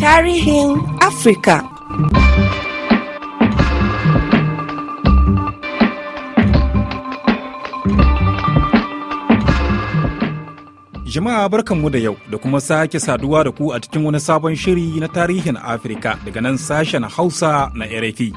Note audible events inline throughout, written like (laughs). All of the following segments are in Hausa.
Tarihin Afrika Jama'a barkanmu da yau da kuma sake saduwa da ku a cikin wani sabon shiri na tarihin Afrika daga nan sashen Hausa na RFI.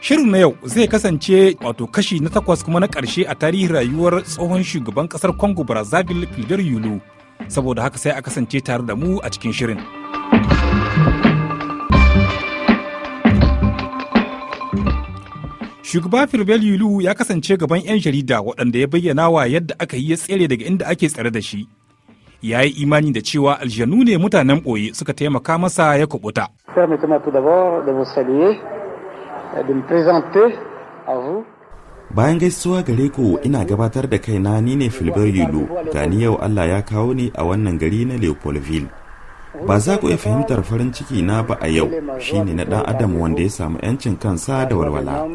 Shirin na yau zai kasance wato kashi na takwas kuma na ƙarshe a tarihin rayuwar tsohon shugaban ƙasar Congo Brazzaville Filibert Yulu. Saboda haka sai a kasance tare da mu a cikin shirin. shugaba firbel yulu ya kasance gaban 'yan jarida waɗanda ya bayyana wa yadda aka yi ya tsere daga inda ake tsare da shi ya yi imani da cewa aljanu ne mutanen ɓoye suka taimaka masa ya kubuta euh, bayan gaisuwa gare ku ina gabatar da kaina ni ne filibar yulu gani yau allah ya kawo ni a wannan gari na leopoldville ba za ku iya fahimtar farin ciki na ba a yau shi ne na ɗan adam wanda ya samu 'yancin kansa da walwala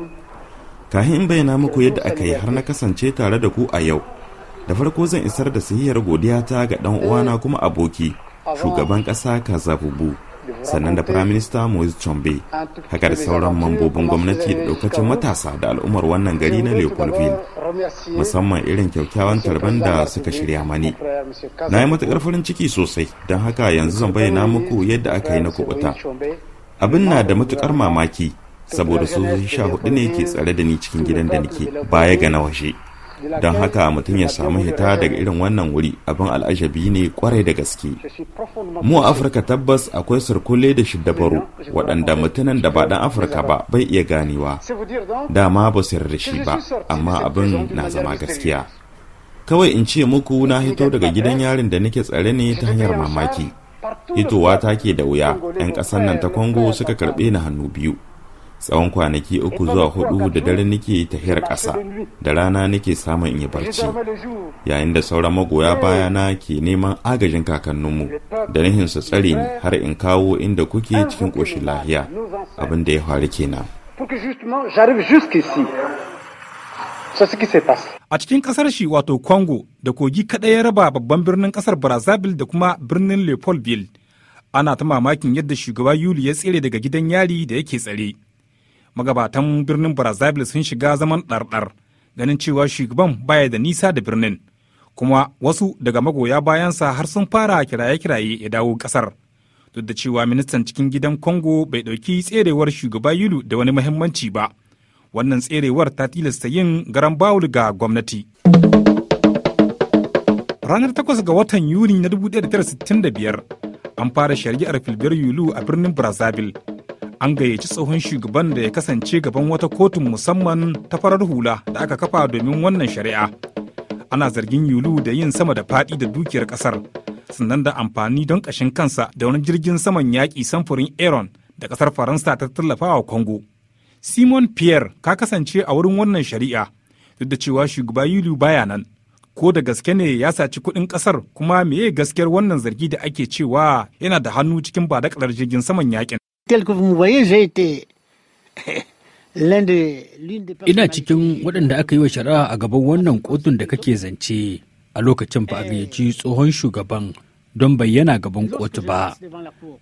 kahin in bayyana muku yadda aka yi har na kasance tare da ku a yau da farko zan isar da sahihar godiyata ga dan uwana kuma aboki shugaban ƙasa kazabubu sannan da firaminista moise chombe haka da sauran mambobin gwamnati da daukacin matasa da al'ummar wannan gari na leopoldville musamman irin kyaukyawan tarban da suka shirya mani na yi matukar farin ciki sosai don haka yanzu zan bayyana muku yadda aka yi na kubuta abin na da matukar mamaki saboda sojoji sha hudu ne ke tsare da ni cikin gidan da nake baya ga na washe don haka mutum ya samu hita daga irin wannan wuri abin al'ajabi ne kwarai da gaske mu a afirka tabbas akwai surkule da shiddabaru waɗanda mutunan da ba ɗan afirka ba bai iya ganewa dama ba su yarda shi ba amma abin na zama gaskiya kawai in ce muku na hito daga gidan yarin da nake tsare ne ta hanyar mamaki hitowa ke da wuya 'yan ƙasar nan ta kongo suka karɓe ni hannu biyu tsawon kwanaki uku zuwa hudu da dare nake tahiyar ƙasa da rana nake samun in yi barci yayin da sauran magoya baya na ke neman agajin kakanninmu da nihin su tsare ni har in kawo inda kuke cikin ƙoshin lahiya abin da ya faru kenan A cikin kasar shi wato Congo da kogi kaɗai ya raba babban birnin kasar Brazzaville da kuma birnin Leopoldville. Ana ta mamakin yadda shugaba Yuli ya tsere daga gidan yari da yake tsare. magabatan birnin brazzaville sun shiga zaman ɗarɗar ganin cewa shugaban baya da nisa da birnin kuma wasu daga magoya bayansa har sun fara kiraye-kiraye ya dawo ƙasar duk da cewa ministan cikin gidan congo bai ɗauki tserewar shugaba yulu da wani muhimmanci ba wannan tserewar ta tilasta yin garan bawul ga gwamnati ranar takwas ga watan yuni na 1965 an fara shari'ar filbiyar yulu a birnin brazzaville an gayyaci tsohon shugaban da ya kasance gaban wata kotun musamman ta farar hula da aka kafa domin wannan shari'a ana zargin yulu da yin sama da faɗi da dukiyar ƙasar sannan da amfani don ƙashin kansa da wani jirgin saman yaƙi samfurin aeron da ƙasar faransa ta tallafa wa congo simon pierre ka kasance a wurin wannan shari'a duk da cewa shugaba yulu baya nan ko da gaske ne ya saci kuɗin ƙasar kuma meye gaskiyar wannan zargi da ake cewa yana da hannu cikin badakalar jirgin saman yaƙin. tel que vous voyez, j'ai été (laughs) Ina cikin waɗanda aka yi wa shari'a a gaban wannan kotun da kake zance a lokacin ba a gayyaci eh. tsohon shugaban don bayyana gaban kotu ba.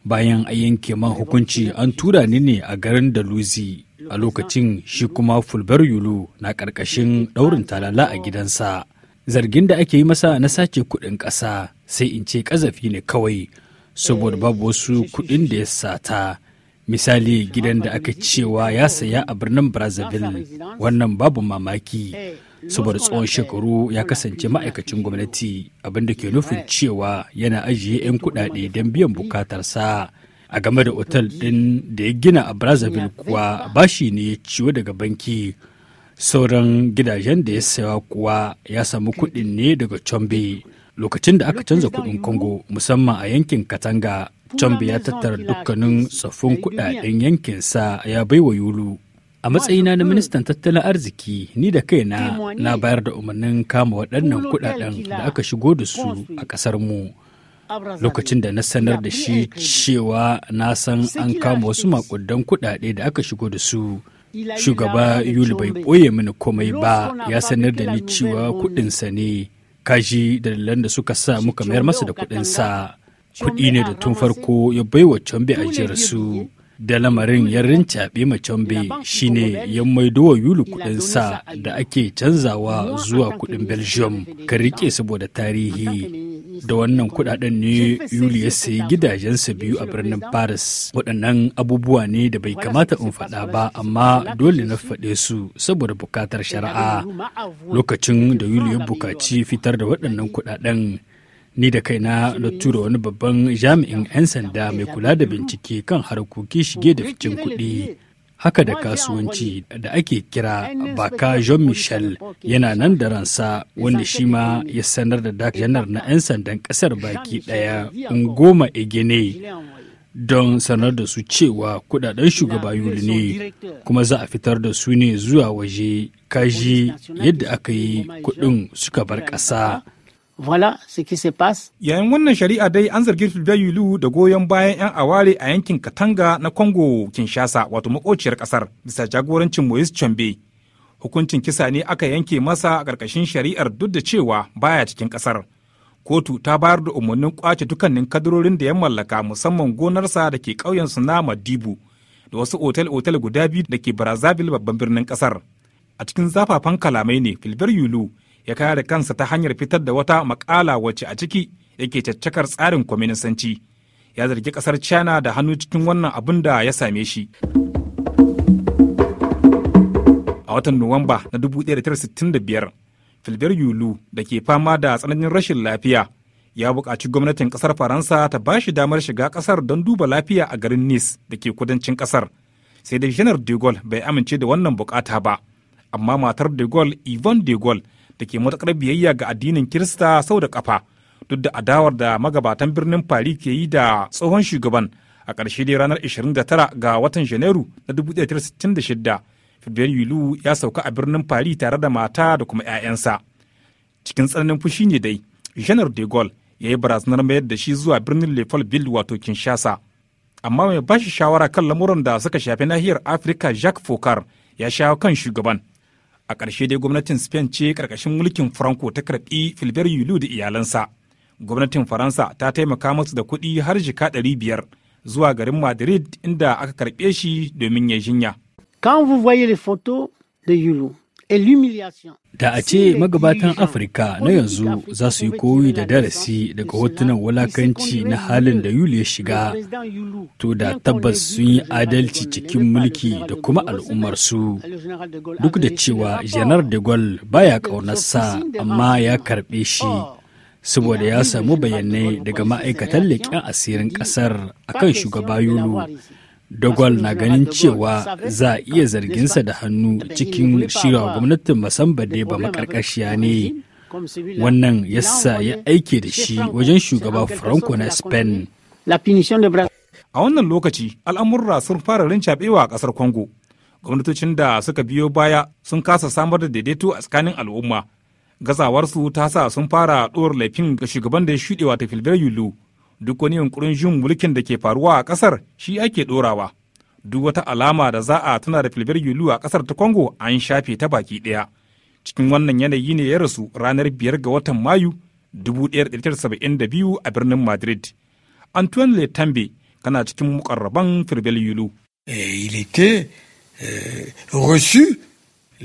Bayan a yanke man hukunci an tura ni ne a garin Daluzi a lokacin shi kuma Fulbar Yulu na ƙarƙashin ɗaurin talala a gidansa. Zargin da ake yi masa na sace kuɗin ƙasa sai in ce ƙazafi ne kawai saboda babu wasu kuɗin da ya sata. misali gidan da aka cewa ya saya a birnin brazzaville wannan babu mamaki saboda tsawon shekaru ya kasance ma'aikacin gwamnati abinda ke nufin cewa yana ajiye 'yan kudade don biyan bukatarsa a game da otal din da ya gina a brazzaville kuwa bashi ne ya ciwo daga banki sauran gidajen da ya saya kuwa ya samu kudin ne daga chombe lokacin da aka canza kudin kongo musamman a yankin katanga can ya tattara dukkanin tsoffin kudaden yankinsa ya baiwa Yulu. A matsayina na ministan tattalin arziki ni da kaina na bayar da umarnin kama waɗannan kudaden da aka shigo da su a ƙasar mu. Lokacin da na sanar da shi cewa na san an kama wasu makudan kudade da aka shigo da su. Shugaba Yuli bai ɓoye mini komai ba ya sanar da ni cewa kudinsa ne, kaji da da suka sa muka mayar masa da sa. kuɗi ne da tun farko ya baiwa cambe ajiyar su. Da lamarin ya rincaɓe ma cambe shine ya maido wa Yulu kuɗin sa da ake canzawa zuwa kuɗin Belgium ka riƙe saboda tarihi. da wannan kudaden ne yuli ya sayi gidajensa biyu a birnin paris waɗannan abubuwa ne da bai kamata in faɗa ba amma dole na faɗe su saboda bukatar shari'a lokacin da yuli ya bukaci fitar da waɗannan kudaden ni da kaina na tura wani babban jami'in 'yan sanda mai kula da bincike kan harkokin shige da ficin kuɗi haka da kasuwanci da ake kira baka jean michel yana nan da ransa wanda shi ma ya sanar da dakanar na 'yan sandan kasar baki daya ngoma egene don sanar da su cewa kudaden shugaba yuli ne kuma za a fitar da su ne zuwa waje kaji yadda aka yi kudin suka bar ƙasa. Voilà ce qui se passe. Yayin wannan shari'a dai an zargi Yulu da goyon bayan 'yan aware a yankin Katanga na Congo Kinshasa wato makociyar kasar bisa jagorancin Moise Chambe. Hukuncin kisa ne aka yanke masa a ƙarƙashin shari'ar duk da cewa baya cikin kasar Kotu ta bayar da umarnin kwace dukkanin kadarorin da ya mallaka musamman gonarsa da ke ƙauyen su na dibu da wasu otel-otel guda biyu da ke Brazzaville babban birnin kasar A cikin zafafan kalamai ne filbar Yulu ya kare kansa ta hanyar fitar da wata makala wacce a ciki yake caccakar tsarin kwaminisanci ya zargi kasar china da hannu cikin wannan abin da ya same shi a watan nuwamba na 1965 filibir yulu da ke fama da tsananin rashin lafiya ya buƙaci gwamnatin ƙasar faransa ta ba shi damar shiga ƙasar don duba lafiya a garin nice da ke kudancin ƙasar sai da janar de bai amince da wannan buƙata ba amma matar de gaulle yvonne de da ke matakar biyayya ga addinin Kirista sau da kafa duk da adawar da magabatan birnin Paris ke yi da tsohon shugaban a ƙarshe dai ranar 29 ga watan Janairu na 1966 Fidel Yulu ya sauka a birnin Paris tare da mata da kuma 'ya'yansa. Cikin tsananin fushi ne dai, Janar de Gaulle ya yi barazanar mayar da shi zuwa birnin Leopoldville wato Kinshasa. Amma mai bashi shawara kan lamuran da suka shafi nahiyar Afirka Jacques Fokar ya shawo kan shugaban a ƙarshe dai gwamnatin spain ce ƙarƙashin mulkin franco ta karɓi filibert yulu da iyalansa gwamnatin faransa ta taimaka masu da kuɗi har jika ɗari biyar zuwa garin madrid inda aka karɓe shi domin ya jinya. quand vous voyez les photos de yulu Da a ce magabatan Afirka na yanzu za su yi koyi da darasi daga hotunan wulakanci na halin da Yulu ya shiga, to da tabbas sun yi adalci cikin mulki da kuma al'ummarsu. Duk da cewa Janar de Gaulle baya ƙaunarsa amma ya karɓe shi. saboda ya samu bayanai daga ma'aikatan leƙen asirin ƙasar akan shugaba Yulu Dogwal na ganin cewa za a iya zarginsa da hannu cikin shirwa gwamnatin Masambade ba makarkashiya ne. Wannan yasa ya aike da shi wajen shugaba Franco na Spain. A wannan lokaci al'amurra sun fara rincaɓewa a ƙasar kongo Gwamnatocin da suka biyo baya sun kasa samar da daidaito a tsakanin al'umma. Gazawarsu ta sa sun fara ɗor laifin ga shugaban da ya shuɗewa ta Filibert Yulu duk wani yunkurin jin mulkin da ke faruwa a ƙasar shi ake ɗorawa duk wata alama da za a tana da filibir yulu a ƙasar ta congo an shafe ta baki ɗaya cikin wannan yanayi ne ya rasu ranar biyar ga watan mayu 1972 a birnin madrid antoine letambe kana cikin mukarraban filibir yulu eh, eh,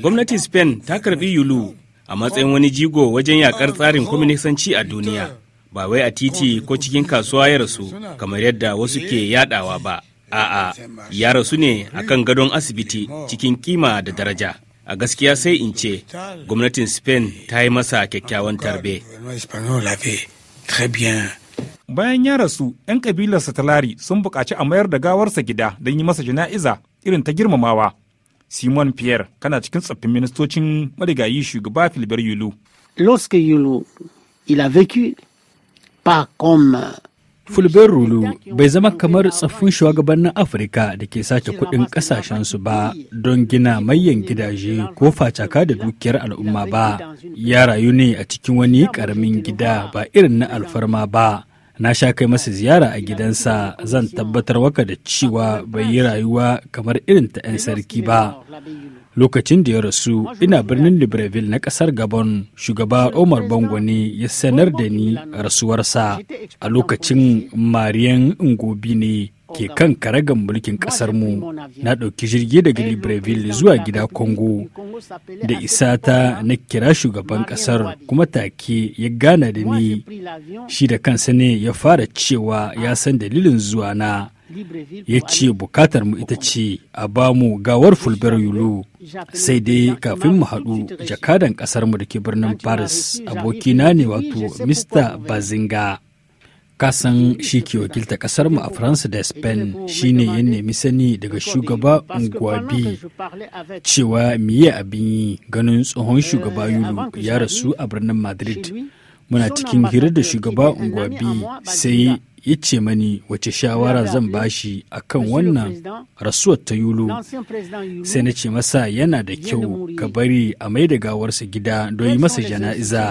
gwamnatin spain ta karbi yulu a matsayin wani jigo wajen yakar tsarin kwaminisanci a duniya ba wai a titi ko cikin kasuwa ya rasu kamar yadda wasu ke yadawa ba a'a ya rasu ne akan gadon asibiti cikin kima da daraja a gaskiya sai in ce gwamnatin spain ta yi masa kyakkyawan tarbe bayan ya rasu 'yan kabilarsa talari sun buƙaci a mayar da gawarsa gida don yi masa jana'iza irin ta girmamawa simon pierre kana cikin tsaffin ministocin marigayi shugaba filibar yulu fulben rulu bai zama kamar tsaffin shugabannin afirka da ke sace kudin kasashensu ba don gina mayan gidaje ko facaka da dukiyar al'umma ba ya rayu ne a cikin wani karamin gida ba irin na alfarma ba na sha kai masa ziyara a gidansa zan tabbatar waka da cewa bai yi rayuwa kamar irin ta 'yan sarki ba lokacin da ya rasu ina birnin libreville na kasar gabon shugaba omar bango ne ya sanar da ni rasuwarsa a lokacin marian ngobi ne ke kan karagan mulkin mu na ɗauki jirgi daga libreville zuwa gida congo da isa ta na kira shugaban ƙasar kuma take ya gana da ni shi da kansa ne ya fara cewa ya san dalilin zuwa na ya ce bukatar mu ita ce a ba mu gawar fulbar yulu sai dai kafin mu haɗu jakadan ƙasarmu da ke birnin paris abokina ne wato mista bazinga kasan shi ke wakilta mu a faransa da spain shine ya nemi sani daga shugaba ngwabi cewa miye abin yi ganin tsohon shugaba yulu ya rasu a birnin madrid muna cikin hira da shugaba ngwabi sai ya ce mani wace shawara zan bashi a kan wannan rasuwar ta yulu sai na ce masa yana da kyau ka bari a mai da gawarsa gida don yi masa jana'iza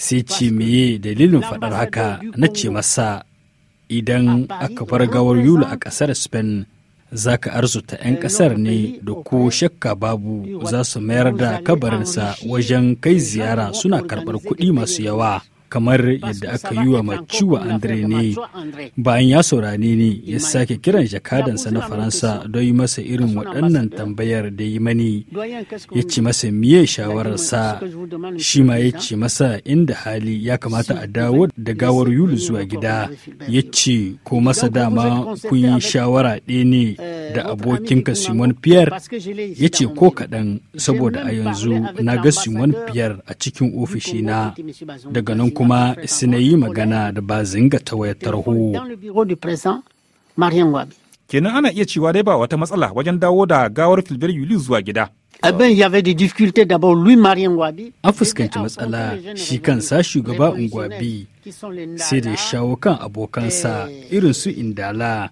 sai ce meye dalilin faɗar haka na ce masa idan aka bar gawar yulu a ƙasar spain za ka arzuta 'yan ƙasar ne da ko shakka babu za su mayar da kabarinsa wajen kai ziyara suna karɓar kuɗi masu yawa kamar yadda aka yi wa Maciwa Andre ne bayan ya saurane ne ya sake kiran jakadansa na Faransa don yi masa irin waɗannan tambayar da yi mani ya ce masa miye shawararsa shi ma ya ce masa inda hali ya kamata a dawo da gawar Yulu zuwa gida ya ce ko masa dama kun yi shawara ɗaya ne da abokinka Simon Pierre ya ce ko kaɗan saboda a yanzu na ga Simon Pierre a cikin ofishina daga nan kuma suna yi magana da ba bazinga ta wayar tarho. Kenan ana iya cewa dai ba wata matsala wajen dawo da gawar Filbert Yuli zuwa gida. Abin eh ya da difficulté bau lui Marien Gwabi. An fuskanci matsala shi kan sa shugaba Ngwabi sai da shawo kan abokansa irin su Indala.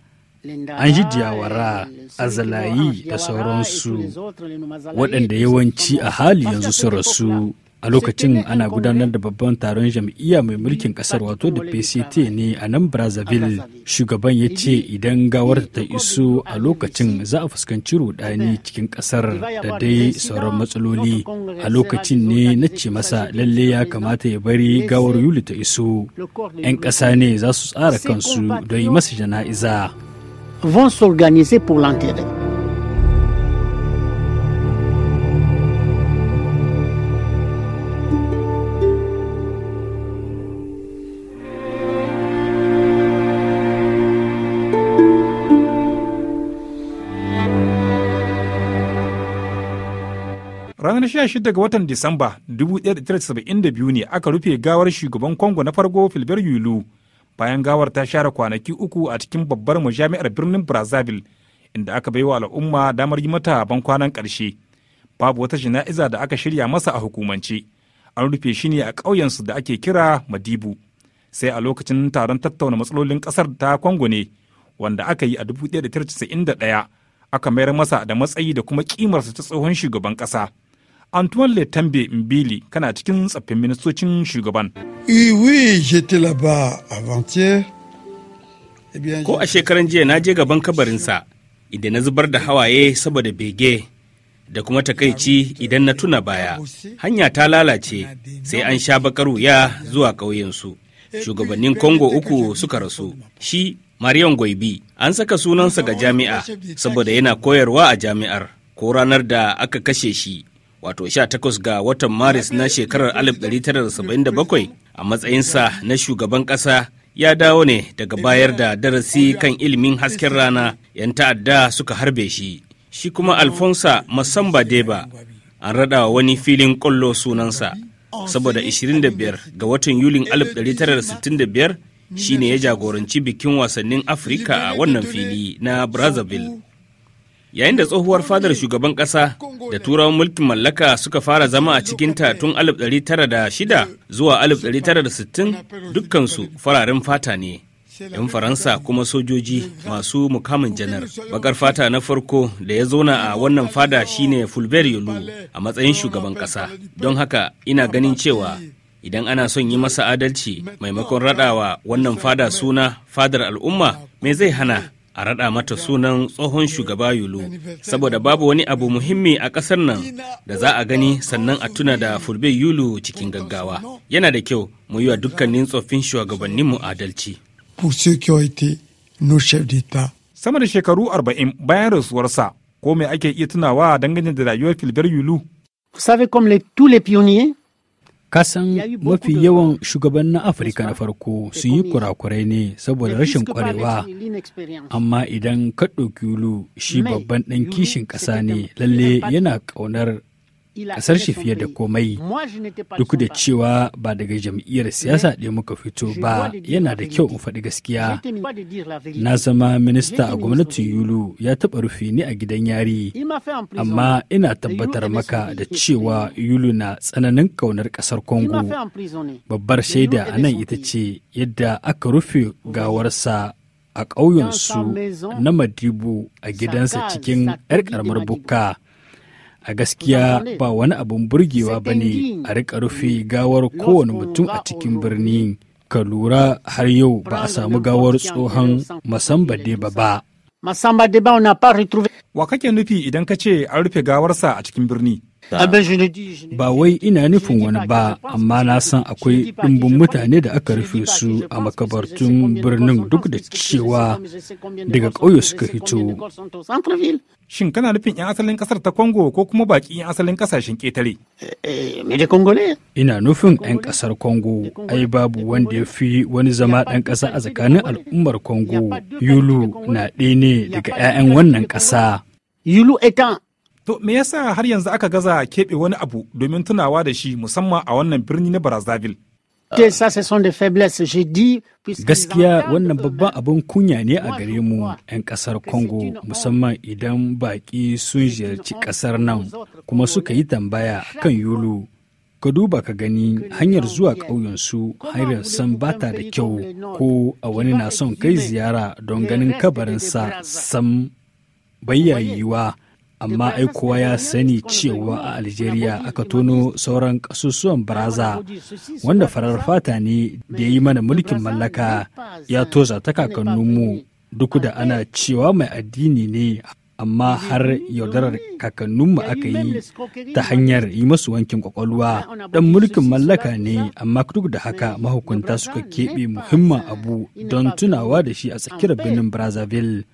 an ji jawara azalayi da sauransu waɗanda yawanci a hali yanzu su rasu a lokacin ana gudanar da babban taron jam'iyya mai mulkin kasar wato da pct ne a nan brazzaville shugaban ya ce idan gawar ta iso a lokacin za a fuskanci rudani cikin kasar da dai sauran matsaloli a lokacin ne na ce masa lalle ya kamata ya bari gawar yuli ta iso 'yan ƙasa ne za su tsara kansu don yi masa jana'iza vont s'organiser Ranar 16 ga watan Disamba 1972 ne aka rufe gawar shugaban Congo na farko Filbert Yulu bayan gawar ta share kwanaki uku a cikin babbar majami'ar birnin Brazzaville inda aka baiwa al'umma damar yi mata ban kwanan ƙarshe. Babu wata jana'iza da aka shirya masa a hukumance. An rufe shi ne a ƙauyensu da ake kira Madibu. Sai a lokacin taron tattauna matsalolin ƙasar ta Congo ne wanda aka yi a 1991 aka mayar masa da matsayi da kuma kimarsa ta tsohon shugaban ƙasa. Antoine Letambe Mbili kana cikin tsaffin ministocin shugaban. Eh eh ko a shekaran jiya na je gaban kabarinsa idan na zubar da hawaye saboda bege da kuma takaici idan na tuna baya. Hanya ta lalace sai an sha bakar wuya zuwa ƙauyensu. Shugabannin Congo uku suka rasu. Shi Marion Gwaibi an saka sunansa ga jami'a saboda yana koyarwa a jami'ar ko ranar da aka kashe shi wato 18 ga watan maris na shekarar 1977 a matsayinsa na shugaban ƙasa ya dawo ne daga bayar da darasi kan ilimin hasken rana 'yan ta'adda suka harbe shi shi kuma alfonsa masamba deba an wa wani filin kwallo sunansa saboda 25 ga watan yulin 1965 ne ya jagoranci bikin wasannin afirka a wannan fili na brazzaville yayin da tsohuwar fadar shugaban kasa da turawan mulkin mallaka suka fara zama a cikin ta tun 1906 zuwa 1960 dukkansu fararen fata ne yan faransa kuma sojoji masu mukamin janar bakar fata na farko da ya zauna a wannan fada shine fulbert yolu a matsayin shugaban kasa don haka ina ganin cewa idan ana son yi masa adalci maimakon raɗawa wannan fada suna fadar al'umma me zai hana a raɗa mata sunan tsohon shugaba Yulu saboda babu wani abu muhimmi a kasar nan da za a gani sannan a tuna da Fulbe Yulu cikin gaggawa. Yana da kyau mu yi wa dukkanin tsoffin shugabanninmu adalci. Sama da shekaru arba'in bayan rasuwarsa, ko me ake iya tunawa dangane da rayuwar Fulbert Yulu? kasan mafi yawan na afirka na farko sun yi kurakurai ne saboda rashin kwarewa amma idan ka ɗauki shi babban ɗan kishin ƙasa ne lalle yana ƙaunar kasar shi fiye da komai duk da cewa ba daga jam'iyyar siyasa ɗaya muka fito ba yana da kyau in faɗi gaskiya na zama minista a gwamnatin yulu ya taɓa rufe ni a gidan yari amma ina tabbatar maka da cewa yulu na tsananin ƙaunar ƙasar Kongo. babbar shaida a nan ita ce yadda aka rufe gawarsa a ƙauyensu na madibu a gidansa cikin 'yar ƙaramar bukka a gaskiya ba wani abin burgewa ba ne a rika rufe gawar kowane mutum a cikin birni ka lura har yau ba a samu gawar tsohon masambade ba ba wa kake nufi idan ka ce an rufe gawarsa a cikin birni Ba wai ina nufin wani ba, amma na san akwai ɗumbin mutane da aka rufe su a makabartun birnin duk da cewa daga ƙauye suka hito. Shin kana nufin 'yan asalin ƙasar ta Congo ko kuma baƙi 'yan asalin ƙasashen ƙetare? Eh, ina nufin 'yan ƙasar kongo ai babu wanda ya fi wani zama ɗan ƙasa a tsakanin al'ummar kongo Yulu na ɗaya ne daga 'ya'yan wannan ƙasa. Yulu etan To me yasa har yanzu aka gaza keɓe wani abu domin tunawa da shi musamman a wannan birni na Brazzaville? Gaskiya wannan babban abin kunya ne a gare mu 'yan ƙasar Congo musamman idan baƙi sun ziyarci ƙasar nan kuma suka yi tambaya kan yulu. Ka duba ka gani hanyar zuwa ƙauyensu hanyar san bata da kyau ko a wani na son kai ziyara don ganin kabarinsa sam bayyayiwa. amma ai kowa ya sani cewa a algeria aka tono sauran kasusuwan baraza wanda farar fata ne da ya yi mana mulkin mallaka ya toza ta kakanninmu duk da ana cewa mai addini ne amma har yaudarar kakanninmu aka yi ta hanyar yi masu wankin kwakwalwa dan mulkin mallaka ne amma duk da haka mahukunta suka keɓe muhimman abu don tunawa da shi a tsakiyar birnin brazzaville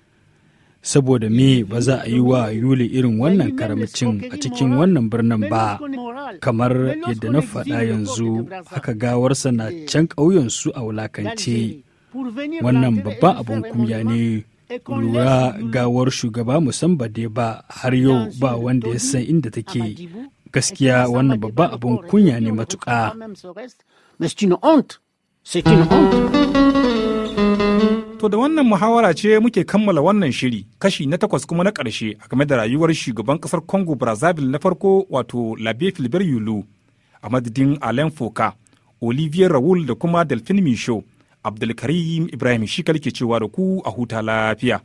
saboda me ba za a yi wa yuli irin wannan karamcin a cikin wannan birnin ba kamar yadda na faɗa yanzu haka gawarsa na can ƙauyensu a wulakance wannan babban abin kumya ne lura gawar shugaba musamman dai ba har yau ba wanda ya san inda take gaskiya wannan babban abin kunya ne matuƙa. To da wannan muhawara ce muke kammala wannan shiri kashi na takwas kuma na ƙarshe a game da rayuwar shugaban ƙasar Congo Brazzaville na farko wato Labe Filibert Yulu a madadin Alain Foka, Olivier raul da kuma Delphine Michaud, Abdulkarim Ibrahim Shikal ke cewa da ku a huta lafiya.